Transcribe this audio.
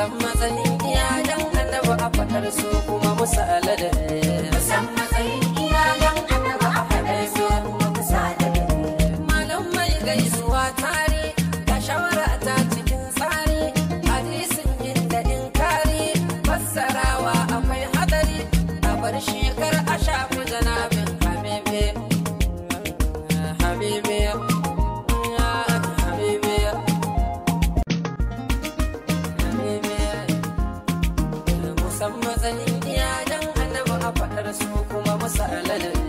san matsayin iya dan annabi a faɗar su kuma musa alade. san matsayin iya dan annabi a faɗar su kuma musa alade. malam mai gaisuwa tare da shawara ta cikin tsari hadisin yin da inkari fassarawa akwai hadari a bar shekar a shafi janabin sanin iya dan annabi a faɗar su kuma musa alalin